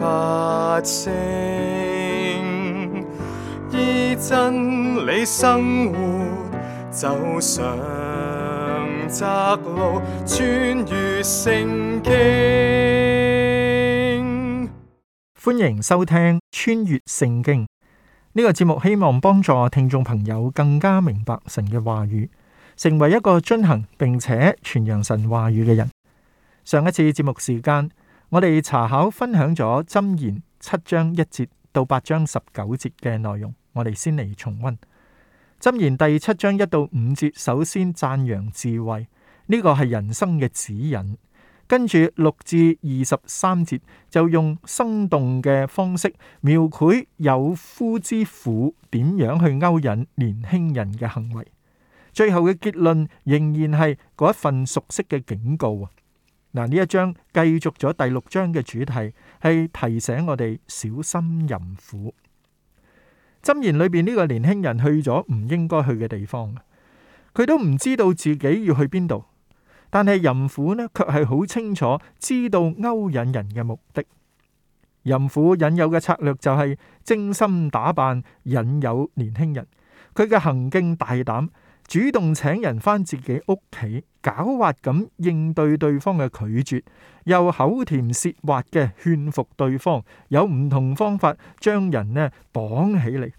發聲依真理生活，走上窄路，穿越聖經。歡迎收聽《穿越聖經》呢個節目，希望幫助聽眾朋友更加明白神嘅話語，成為一個遵行並且傳揚神話語嘅人。上一次節目時間，我哋查考分享咗《箴言》七章一節到八章十九節嘅內容，我哋先嚟重溫《箴言》第七章一到五節，首先讚揚智慧，呢個係人生嘅指引。跟住六至二十三節就用生動嘅方式描繪有夫之婦點樣去勾引年輕人嘅行為。最後嘅結論仍然係嗰一份熟悉嘅警告。嗱，呢一章繼續咗第六章嘅主題，係提醒我哋小心淫婦。箴言裏邊呢個年輕人去咗唔應該去嘅地方，佢都唔知道自己要去邊度，但係淫婦呢，卻係好清楚知道勾引人嘅目的。淫婦引誘嘅策略就係精心打扮，引誘年輕人。佢嘅行徑大膽。主動請人返自己屋企，狡猾咁應對對方嘅拒絕，又口甜舌滑嘅勸服對方，有唔同方法將人呢綁起嚟。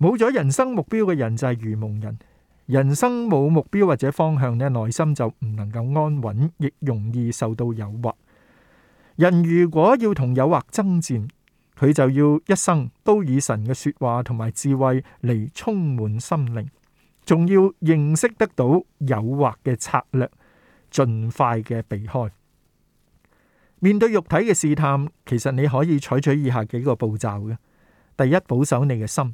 冇咗人生目標嘅人就係愚蒙人，人生冇目標或者方向呢，內心就唔能夠安穩，亦容易受到誘惑。人如果要同誘惑爭戰，佢就要一生都以神嘅說話同埋智慧嚟充滿心靈。仲要認識得到誘惑嘅策略，盡快嘅避開。面對肉體嘅試探，其實你可以採取以下幾個步驟嘅：第一，保守你嘅心，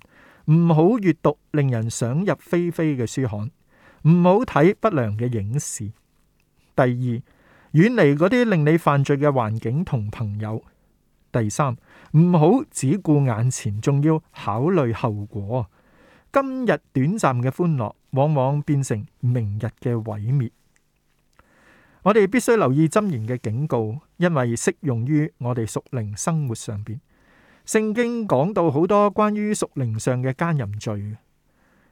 唔好閱讀令人想入非非嘅書刊，唔好睇不良嘅影視。第二，遠離嗰啲令你犯罪嘅環境同朋友。第三，唔好只顧眼前，仲要考慮後果。今日短暫嘅歡樂，往往變成明日嘅毀滅。我哋必須留意箴言嘅警告，因為適用於我哋屬靈生活上邊。聖經講到好多關於屬靈上嘅奸淫罪。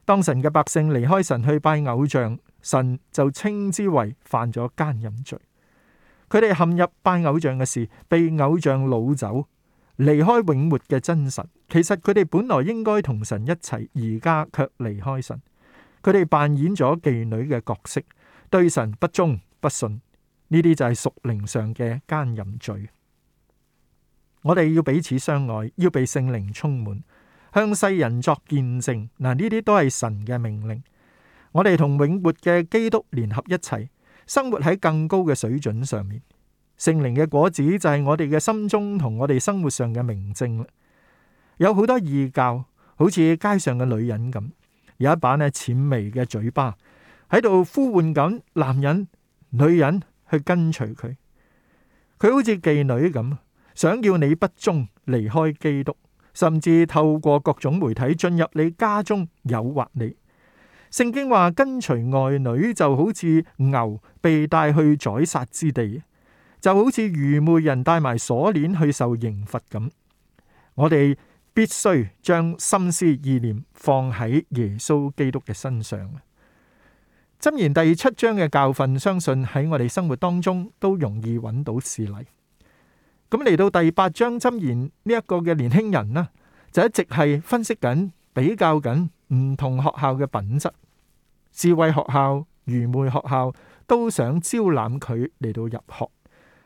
當神嘅百姓離開神去拜偶像，神就稱之為犯咗奸淫罪。佢哋陷入拜偶像嘅事，被偶像擄走。離開永活嘅真神，其實佢哋本來應該同神一齊，而家卻離開神。佢哋扮演咗妓女嘅角色，對神不忠不信，呢啲就係屬靈上嘅奸淫罪。我哋要彼此相愛，要被聖靈充滿，向世人作見證。嗱，呢啲都係神嘅命令。我哋同永活嘅基督聯合一齊，生活喺更高嘅水準上面。聖靈嘅果子就係我哋嘅心中同我哋生活上嘅明證。有好多異教，好似街上嘅女人咁，有一把咧諂媚嘅嘴巴喺度呼喚緊男人、女人去跟隨佢。佢好似妓女咁，想要你不忠離開基督，甚至透過各種媒體進入你家中誘惑你。聖經話，跟隨外女就好似牛被帶去宰殺之地。就好似愚昧人帶埋鎖鏈去受刑罰咁，我哋必須將心思意念放喺耶穌基督嘅身上。箴言第七章嘅教訓，相信喺我哋生活當中都容易揾到事例。咁嚟到第八章，箴言呢一個嘅年輕人啦，就一直係分析緊、比較緊唔同學校嘅品質，智慧學校、愚昧學校都想招攬佢嚟到入學。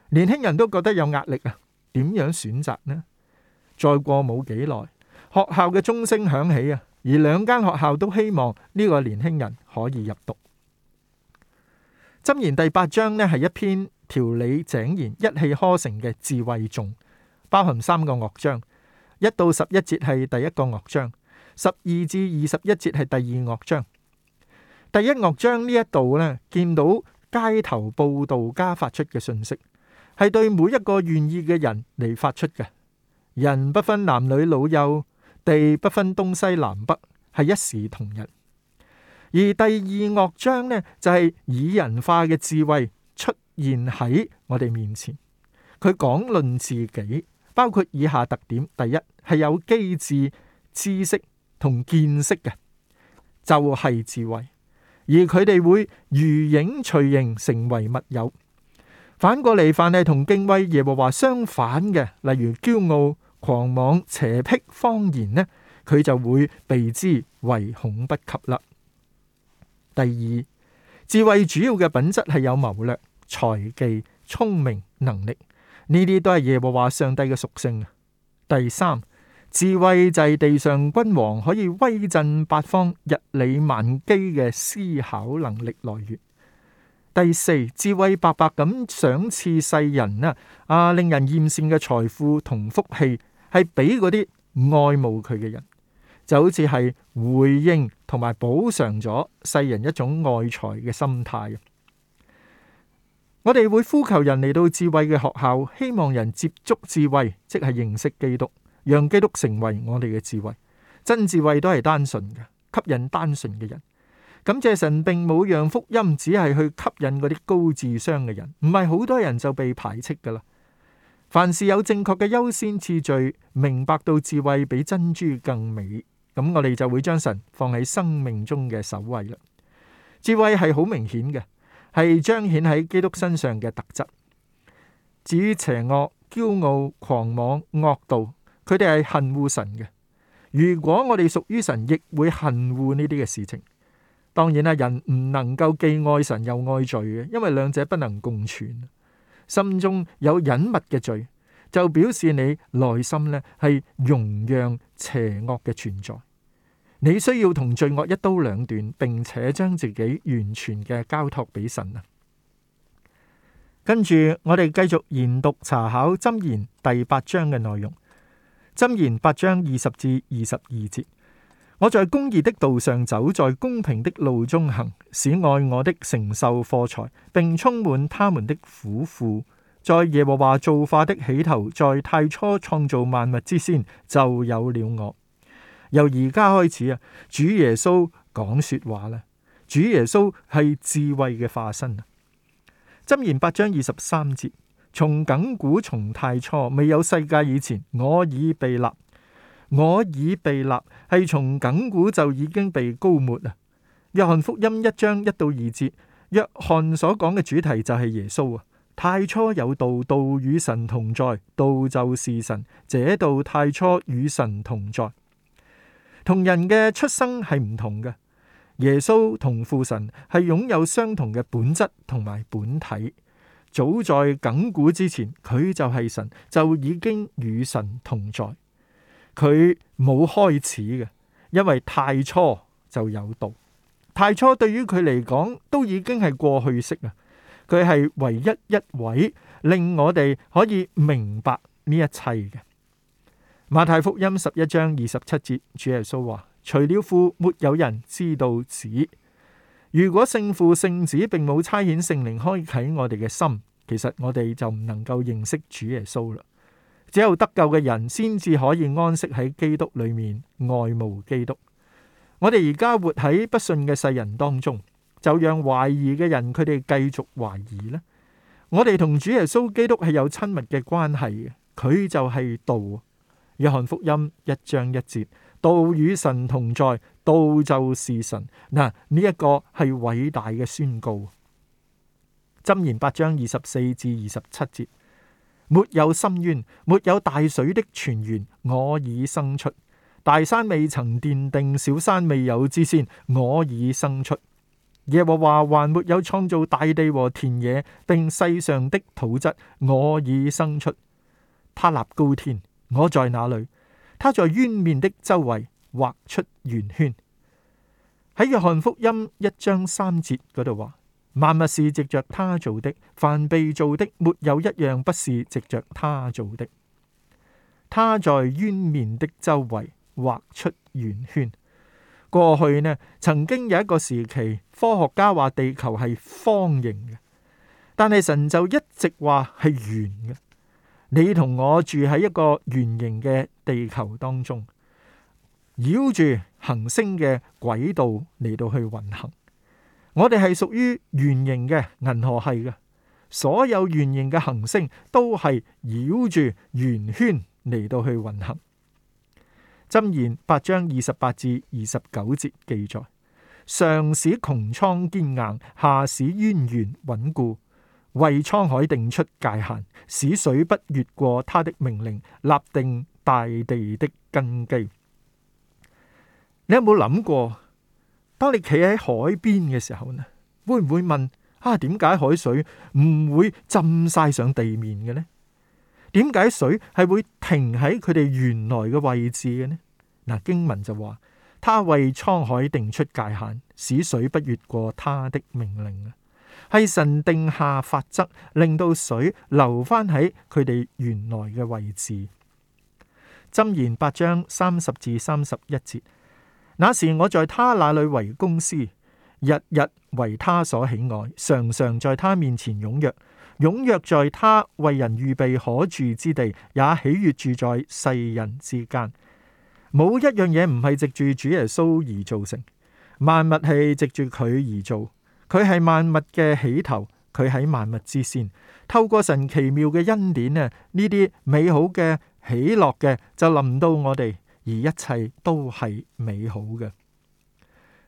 年輕人都覺得有壓力啊！點樣選擇呢？再過冇幾耐，學校嘅鐘聲響起啊！而兩間學校都希望呢個年輕人可以入讀。《箴言》第八章呢係一篇條理井然、一氣呵成嘅智慧頌，包含三個樂章，一到十一節係第一個樂章，十二至二十一節係第二樂章。第一樂章呢一度呢，見到街頭報道家發出嘅訊息。係對每一個願意嘅人嚟，發出嘅，人不分男女老幼，地不分東西南北，係一視同仁。而第二樂章呢，就係以人化嘅智慧出現喺我哋面前。佢講論自己，包括以下特點：第一，係有機智、知識同見識嘅，就係智慧。而佢哋會如影隨形，成為密友。反過嚟，凡係同敬畏耶和華相反嘅，例如驕傲、狂妄、邪僻、謊言呢，佢就會避之唯恐不及啦。第二，智慧主要嘅品質係有謀略、才技、聰明、能力，呢啲都係耶和華上帝嘅屬性。第三，智慧就係地上君王可以威震八方、日理萬機嘅思考能力來源。第四，智慧白白咁賞賜世人啊！啊，令人艷羨嘅財富同福氣，係俾嗰啲愛慕佢嘅人，就好似係回應同埋補償咗世人一種愛財嘅心態。我哋會呼求人嚟到智慧嘅學校，希望人接觸智慧，即係認識基督，讓基督成為我哋嘅智慧。真智慧都係單純嘅，吸引單純嘅人。感謝神並冇讓福音只係去吸引嗰啲高智商嘅人，唔係好多人就被排斥噶啦。凡事有正確嘅優先次序，明白到智慧比珍珠更美，咁我哋就會將神放喺生命中嘅首位啦。智慧係好明顯嘅，係彰顯喺基督身上嘅特質。至於邪惡、驕傲、狂妄、惡道，佢哋係恨惡神嘅。如果我哋屬於神，亦會恨惡呢啲嘅事情。當然啦，人唔能夠既愛神又愛罪嘅，因為兩者不能共存。心中有隱密嘅罪，就表示你內心呢係容讓邪惡嘅存在。你需要同罪惡一刀兩斷，並且將自己完全嘅交託俾神啊！跟住我哋繼續研讀查考《箴言》第八章嘅內容，《箴言》八章二十至二十二節。我在公義的道上走，在公平的路中行，使愛我的承受貨財，並充滿他們的府庫。在耶和華造化的起頭，在太初創造萬物之先，就有了我。由而家開始啊，主耶穌講說話啦。主耶穌係智慧嘅化身啊。箴言八章二十三節：從亙古從太初，未有世界以前，我已被立。我已被立，係從亙古就已經被膏抹啊。約翰福音一章一到二節，約翰所講嘅主題就係耶穌啊。太初有道，道與神同在，道就是神，這道太初與神同在，同人嘅出生係唔同嘅。耶穌同父神係擁有相同嘅本質同埋本體，早在亙古之前，佢就係神就已經與神同在。佢冇開始嘅，因為太初就有道。太初對於佢嚟講都已經係過去式啦。佢係唯一一位令我哋可以明白呢一切嘅。馬太福音十一章二十七節，主耶穌話：除了父，沒有人知道子。如果聖父、聖子並冇差遣聖靈開啟我哋嘅心，其實我哋就唔能夠認識主耶穌啦。只有得救嘅人，先至可以安息喺基督裏面，愛慕基督。我哋而家活喺不信嘅世人當中，就讓懷疑嘅人佢哋繼續懷疑啦。我哋同主耶穌基督係有親密嘅關係嘅，佢就係道。約翰福音一章一節，道與神同在，道就是神。嗱，呢一個係偉大嘅宣告。箴言八章二十四至二十七節。沒有深淵，沒有大水的泉源，我已生出；大山未曾奠定，小山未有之先，我已生出。耶和華還沒有創造大地和田野，並世上的土質，我已生出。他立高天，我在那裏，他在淵面的周圍畫出圓圈。喺約翰福音一章三節嗰度話：萬物是藉着他做的，凡被做的沒有一樣不是藉着他做的。他在淵面的周圍畫出圓圈。過去呢，曾經有一個時期，科學家話地球係方形嘅，但係神就一直話係圓嘅。你同我住喺一個圓形嘅地球當中，繞住恆星嘅軌道嚟到去運行。我哋係屬於圓形嘅銀河系嘅，所有圓形嘅行星都係繞住圓圈嚟到去運行。箴言八章二十八至二十九節記載：上使穹蒼堅硬，下使淵源穩固，為滄海定出界限，使水不越過他的命令，立定大地的根基。你有冇諗過？當你企喺海邊嘅時候會會、啊、呢，會唔會問啊？點解海水唔會浸晒上地面嘅呢？點解水係會停喺佢哋原來嘅位置嘅呢？嗱，經文就話：他為滄海定出界限，使水不越過他的命令啊！係神定下法則，令到水流返喺佢哋原來嘅位置。箴言八章三十至三十一節。那時我在他那裏為工師，日日為他所喜愛，常常在他面前踴躍，踴躍在他為人預備可住之地，也喜悦住在世人之間。冇一樣嘢唔係藉住主耶穌而造成，萬物係藉住佢而做，佢係萬物嘅起頭，佢喺萬物之先。透過神奇妙嘅恩典啊，呢啲美好嘅喜樂嘅就臨到我哋。而一切都係美好嘅。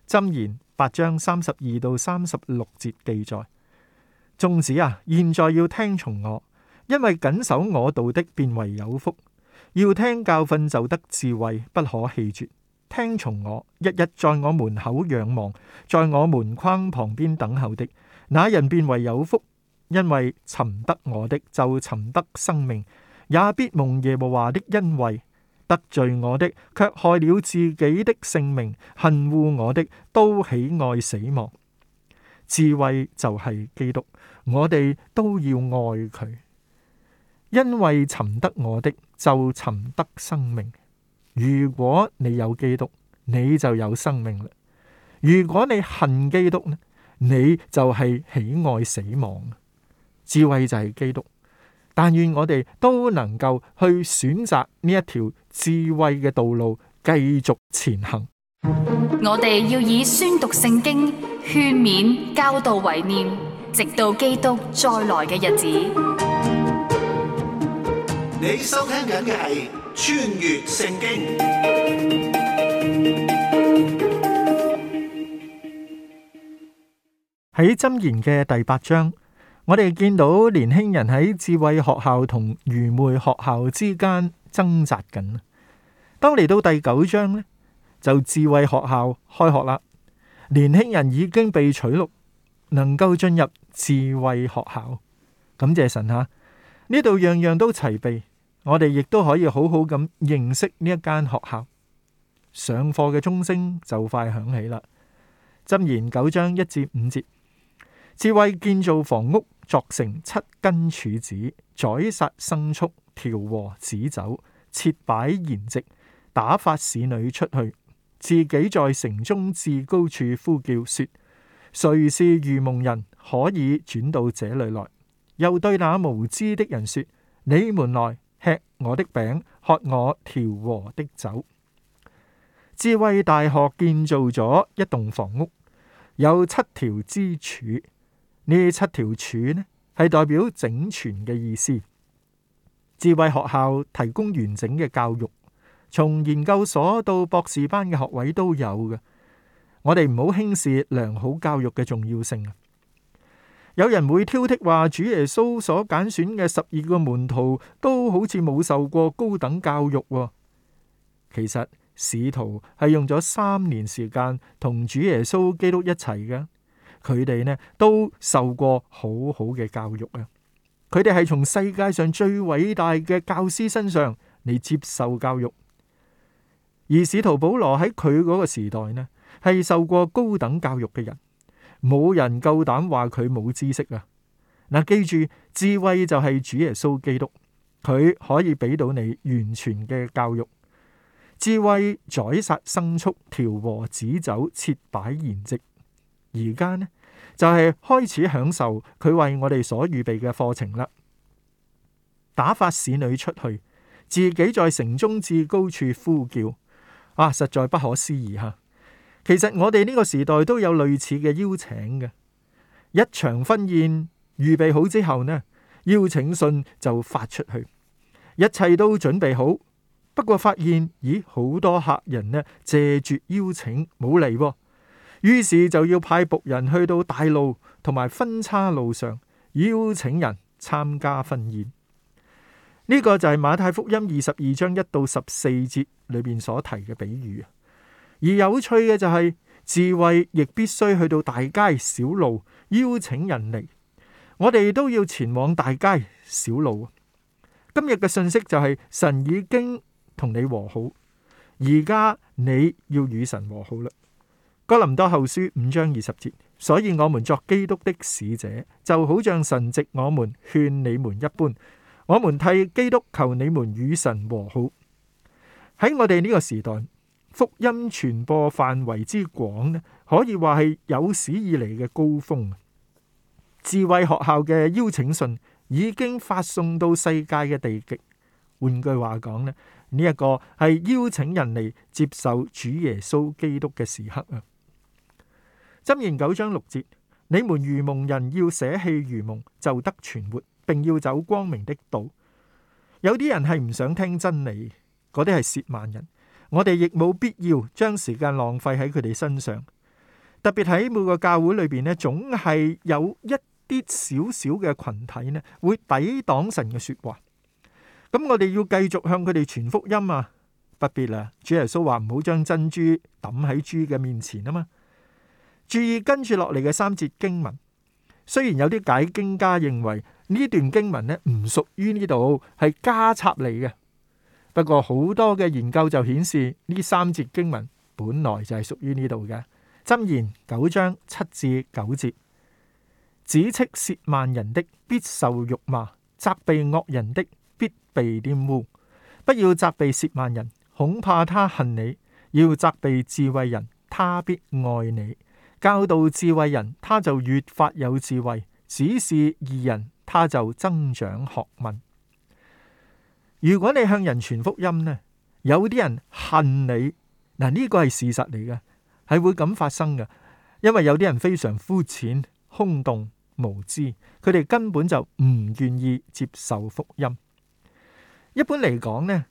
箴言八章三十二到三十六節記載：眾子啊，現在要聽從我，因為謹守我道的變為有福。要聽教訓就得智慧，不可棄絕。聽從我，日日在我門口仰望，在我門框旁邊等候的，那人變為有福，因為尋得我的就尋得生命，也必蒙耶和華的恩惠。得罪我的，卻害了自己的性命；恨惡我的，都喜愛死亡。智慧就係基督，我哋都要愛佢，因為尋得我的就尋得生命。如果你有基督，你就有生命。如果你恨基督呢，你就係喜愛死亡。智慧就係基督。但願我哋都能夠去選擇呢一條智慧嘅道路，繼續前行。我哋要以宣讀聖經、勸勉、教導、為念，直到基督再來嘅日子。你收聽緊嘅係《穿越聖經》，喺箴言嘅第八章。我哋見到年輕人喺智慧學校同愚昧學校之間掙扎緊。當嚟到第九章呢，就智慧學校開學啦。年輕人已經被取錄，能夠進入智慧學校。感謝神吓，呢度樣樣都齊備，我哋亦都可以好好咁認識呢一間學校。上課嘅鐘聲就快響起啦。箴言九章一至五節，智慧建造房屋。作成七根柱子，宰殺牲畜，調和旨酒，設擺筵席，打發使女出去，自己在城中至高處呼叫，說：誰是愚蒙人，可以轉到這裡來？又對那無知的人說：你們來吃我的餅，喝我調和的酒。智慧大學建造咗一棟房屋，有七條支柱。呢七條柱呢，係代表整全嘅意思。智慧學校提供完整嘅教育，從研究所到博士班嘅學位都有嘅。我哋唔好輕視良好教育嘅重要性啊！有人會挑剔話，主耶穌所揀選嘅十二個門徒都好似冇受過高等教育喎。其實使徒係用咗三年時間同主耶穌基督一齊嘅。佢哋呢都受過好好嘅教育啊！佢哋係從世界上最偉大嘅教師身上嚟接受教育，而使徒保羅喺佢嗰個時代呢，係受過高等教育嘅人，冇人夠膽話佢冇知識啊！嗱，記住智慧就係主耶穌基督，佢可以俾到你完全嘅教育。智慧宰殺牲畜，調和旨酒，設擺筵席，而家呢？就係、是、開始享受佢為我哋所預備嘅課程啦。打發侍女出去，自己在城中至高處呼叫。啊，實在不可思議吓！其實我哋呢個時代都有類似嘅邀請嘅。一場婚宴預備好之後呢，邀請信就發出去，一切都準備好。不過發現，咦，好多客人呢，借住邀請冇嚟。於是就要派僕人去到大路同埋分叉路上，邀請人參加婚宴。呢、這個就係馬太福音二十二章一到十四節裏邊所提嘅比喻。而有趣嘅就係、是、智慧亦必須去到大街小路邀請人嚟。我哋都要前往大街小路。今日嘅信息就係、是、神已經同你和好，而家你要與神和好啦。哥林多後書五章二十節，所以我們作基督的使者，就好像神藉我們勸你們一般，我們替基督求你們與神和好。喺我哋呢個時代，福音傳播範圍之廣咧，可以話係有史以嚟嘅高峰。智慧學校嘅邀請信已經發送到世界嘅地極。換句話講咧，呢一個係邀請人嚟接受主耶穌基督嘅時刻啊！箴言九章六節：你們愚蒙人要捨棄愚蒙，就得存活，並要走光明的道。有啲人係唔想聽真理，嗰啲係褻慢人。我哋亦冇必要將時間浪費喺佢哋身上。特別喺每個教會裏邊咧，總係有一啲少少嘅群體咧，會抵擋神嘅說話。咁我哋要繼續向佢哋傳福音啊？不必啦，主耶穌話唔好將珍珠抌喺豬嘅面前啊嘛。注意跟住落嚟嘅三節經文，雖然有啲解經家認為呢段經文咧唔屬於呢度，係加插嚟嘅。不過好多嘅研究就顯示呢三節經文本來就係屬於呢度嘅。箴言九章七至九節，指斥褻慢人的必受辱罵，責備惡人的必被玷污。不要責備褻慢人，恐怕他恨你；要責備智慧人，他必愛你。教導智慧人，他就越發有智慧；指示義人，他就增長學問。如果你向人傳福音呢，有啲人恨你，嗱，呢個係事實嚟嘅，係會咁發生嘅，因為有啲人非常膚淺、空洞、無知，佢哋根本就唔願意接受福音。一般嚟講呢，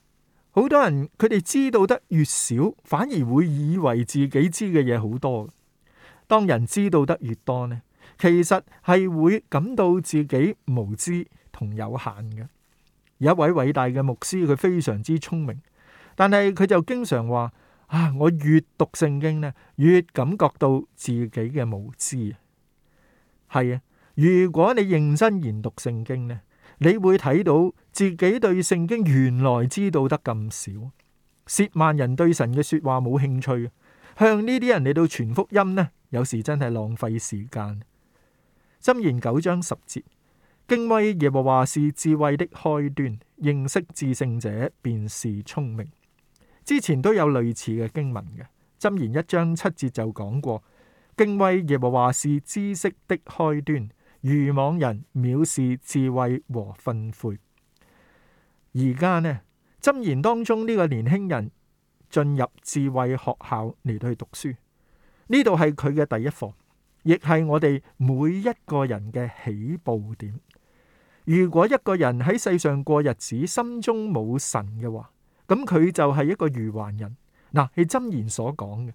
好多人，佢哋知道得越少，反而會以為自己知嘅嘢好多。當人知道得越多呢，其實係會感到自己無知同有限嘅。有一位偉大嘅牧師，佢非常之聰明，但係佢就經常話：啊，我越讀聖經呢，越感覺到自己嘅無知。係啊，如果你認真研讀聖經呢，你會睇到自己對聖經原來知道得咁少。涉萬人對神嘅說話冇興趣，向呢啲人嚟到傳福音呢？有時真係浪費時間。箴言九章十節，敬畏耶和華是智慧的開端，認識至聖者便是聰明。之前都有類似嘅經文嘅，箴言一章七節就講過，敬畏耶和華是知識的開端。愚妄人藐視智慧和訓誨。而家呢，箴言當中呢個年輕人進入智慧學校嚟到去讀書。呢度係佢嘅第一課，亦係我哋每一個人嘅起步點。如果一個人喺世上過日子，心中冇神嘅話，咁佢就係一個愚頑人。嗱、啊，係箴言所講嘅。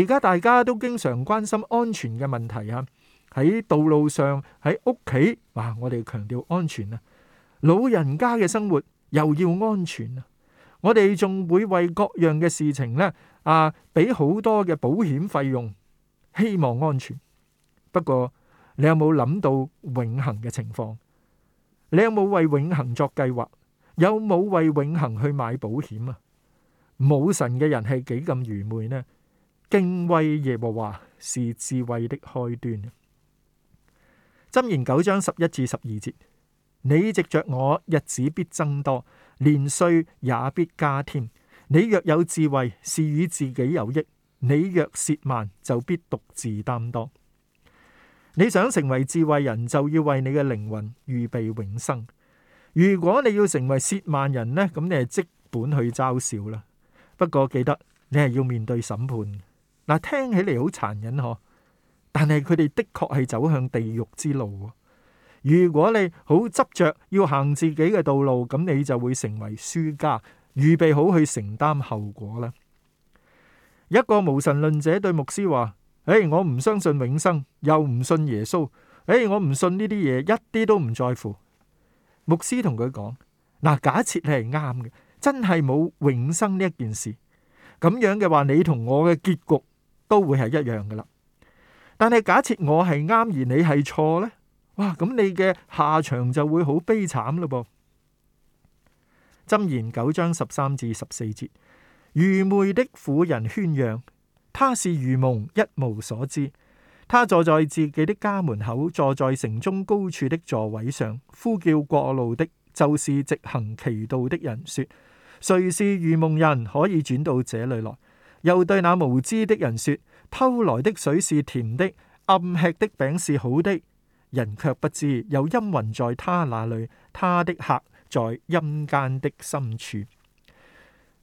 而家大家都經常關心安全嘅問題啊，喺道路上，喺屋企，嗱，我哋強調安全啊。老人家嘅生活又要安全啊。我哋仲會為各樣嘅事情咧，啊，俾好多嘅保險費用，希望安全。不過你有冇諗到永恆嘅情況？你有冇為永恆作計劃？有冇為永恆去買保險啊？冇神嘅人係幾咁愚昧呢？敬畏耶和華，是智慧的開端。箴言九章十一至十二節：你藉著我，日子必增多。年歲也必加添。你若有智慧，是與自己有益；你若褻慢，就必獨自擔當。你想成為智慧人，就要為你嘅靈魂預備永生。如果你要成為褻慢人呢，咁你係即本去嘲笑啦。不過記得，你係要面對審判。嗱，聽起嚟好殘忍嗬，但係佢哋的確係走向地獄之路如果你好執着要行自己嘅道路，咁你就會成為輸家，預備好去承擔後果啦。一個無神論者對牧師話：，誒、哎，我唔相信永生，又唔信耶穌，誒、哎，我唔信呢啲嘢，一啲都唔在乎。牧師同佢講：，嗱，假設你係啱嘅，真係冇永生呢一件事，咁樣嘅話，你同我嘅結局都會係一樣噶啦。但係假設我係啱而你係錯呢？哇！咁你嘅下場就會好悲慘嘞噃。」箴言九章十三至十四節，愚昧的婦人喧嚷，他是愚蒙，一無所知。他坐在自己的家門口，坐在城中高處的座位上，呼叫過路的，就是直行其道的人，說：誰是愚蒙人，可以轉到這裏來？又對那無知的人說：偷來的水是甜的，暗吃的餅是好的。人卻不知有陰魂在他那裡，他的客在陰間的深處。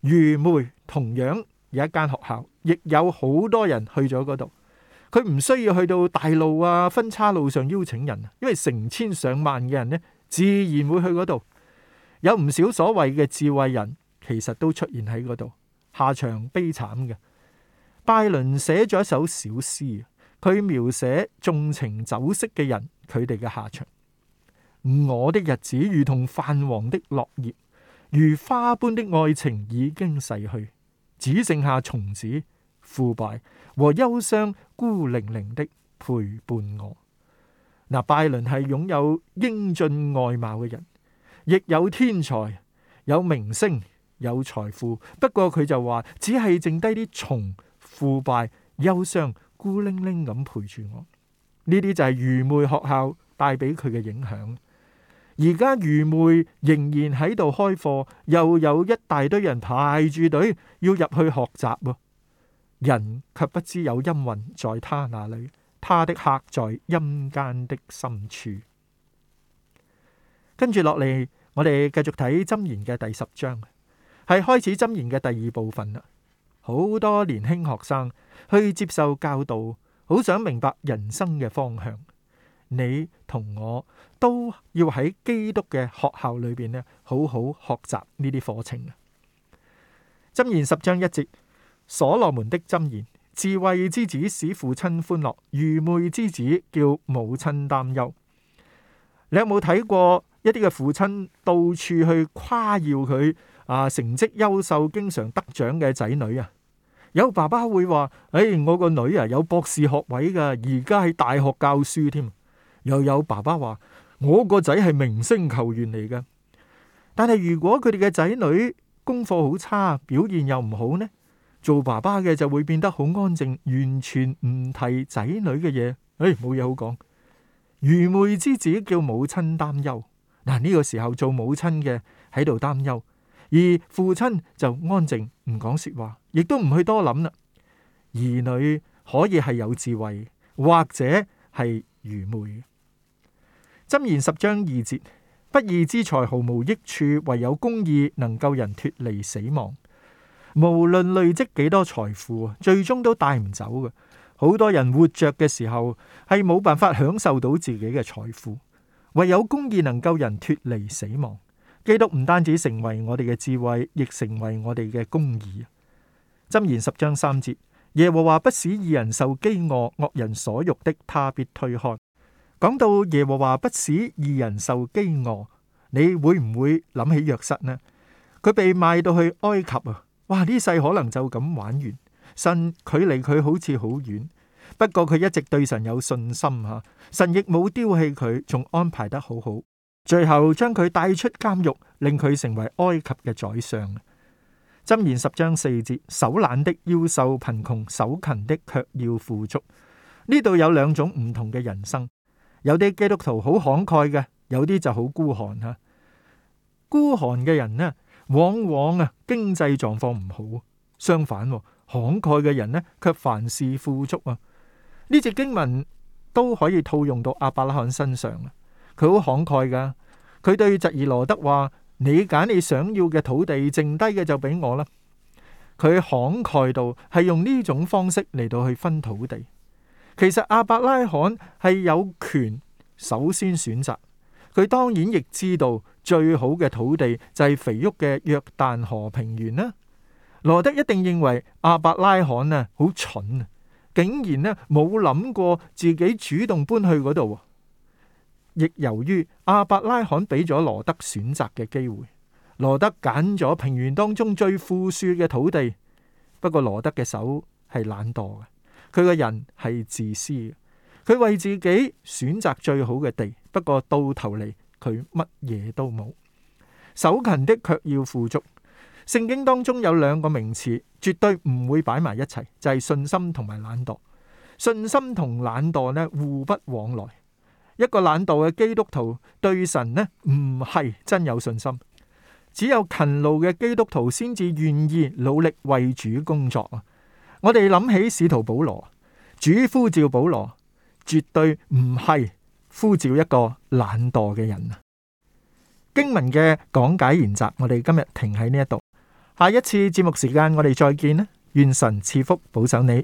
愚昧同樣有一間學校，亦有好多人去咗嗰度。佢唔需要去到大路啊，分叉路上邀請人，因為成千上萬嘅人呢自然會去嗰度。有唔少所謂嘅智慧人，其實都出現喺嗰度，下場悲慘嘅。拜倫寫咗一首小詩。佢描寫縱情酒色嘅人，佢哋嘅下場。我的日子如同泛黃的落葉，如花般的愛情已經逝去，只剩下蟲子、腐敗和憂傷孤零零的陪伴我。嗱，拜倫係擁有英俊外貌嘅人，亦有天才、有名聲、有財富，不過佢就話只係剩低啲蟲、腐敗、憂傷。孤零零咁陪住我，呢啲就係愚昧學校帶俾佢嘅影響。而家愚昧仍然喺度開課，又有一大堆人排住隊要入去學習。人卻不知有陰魂在他那裡，他的客在陰間的深處。跟住落嚟，我哋繼續睇《箴言》嘅第十章，係開始《箴言》嘅第二部分啦。好多年輕學生去接受教導，好想明白人生嘅方向。你同我都要喺基督嘅學校裏邊咧，好好學習呢啲課程啊！箴言十章一節：所羅門的箴言，智慧之子使父親歡樂，愚昧之子叫母親擔憂。你有冇睇過一啲嘅父親到處去誇耀佢？啊！成績優秀、經常得獎嘅仔女啊，有爸爸會話：誒、哎，我個女啊有博士學位㗎，而家喺大學教書添。又有爸爸話：我個仔係明星球員嚟㗎。但係如果佢哋嘅仔女功課好差、表現又唔好呢？做爸爸嘅就會變得好安靜，完全唔提仔女嘅嘢。誒、哎，冇嘢好講。愚昧之子叫母親擔憂。嗱，呢個時候做母親嘅喺度擔憂。而父親就安靜唔講說話，亦都唔去多諗啦。兒女可以係有智慧，或者係愚昧。箴言十章二節：不義之財毫無益處，唯有公義能夠人脱離死亡。無論累積幾多財富，最終都帶唔走嘅。好多人活着嘅時候係冇辦法享受到自己嘅財富，唯有公義能夠人脱離死亡。基督唔單止成為我哋嘅智慧，亦成為我哋嘅公義。箴言十章三節：耶和華不使義人受飢餓，惡人所欲的，他必推開。講到耶和華不使義人受飢餓，你會唔會諗起約瑟呢？佢被賣到去埃及啊！哇，呢世可能就咁玩完。神距離佢好似好遠，不過佢一直對神有信心吓，神亦冇丟棄佢，仲安排得好好。最後將佢帶出監獄，令佢成為埃及嘅宰相。箴言十章四節：手懶的要受貧窮，手勤的卻要富足。呢度有兩種唔同嘅人生，有啲基督徒好慷慨嘅，有啲就好孤寒吓。孤寒嘅人呢，往往啊經濟狀況唔好；相反，慷慨嘅人呢，卻凡事富足啊。呢隻經文都可以套用到阿伯拉罕身上佢好慷慨噶，佢對侄兒羅德話：你揀你想要嘅土地剩的，剩低嘅就俾我啦。佢慷慨到係用呢種方式嚟到去分土地。其實阿伯拉罕係有權首先選擇，佢當然亦知道最好嘅土地就係肥沃嘅約旦河平原啦。羅德一定認為阿伯拉罕呀好蠢，竟然呢冇諗過自己主動搬去嗰度。亦由於亞伯拉罕俾咗羅德選擇嘅機會，羅德揀咗平原當中最富庶嘅土地。不過羅德嘅手係懶惰嘅，佢個人係自私嘅。佢為自己選擇最好嘅地，不過到頭嚟佢乜嘢都冇。手勤的卻要富足。聖經當中有兩個名詞，絕對唔會擺埋一齊，就係信心同埋懶惰。信心同懶惰呢，互不往來。一個懶惰嘅基督徒對神呢唔係真有信心，只有勤勞嘅基督徒先至願意努力為主工作啊！我哋諗起使徒保羅，主呼召保羅，絕對唔係呼召一個懶惰嘅人啊！經文嘅講解研習，我哋今日停喺呢一度，下一次節目時間我哋再見啦！願神賜福保守你。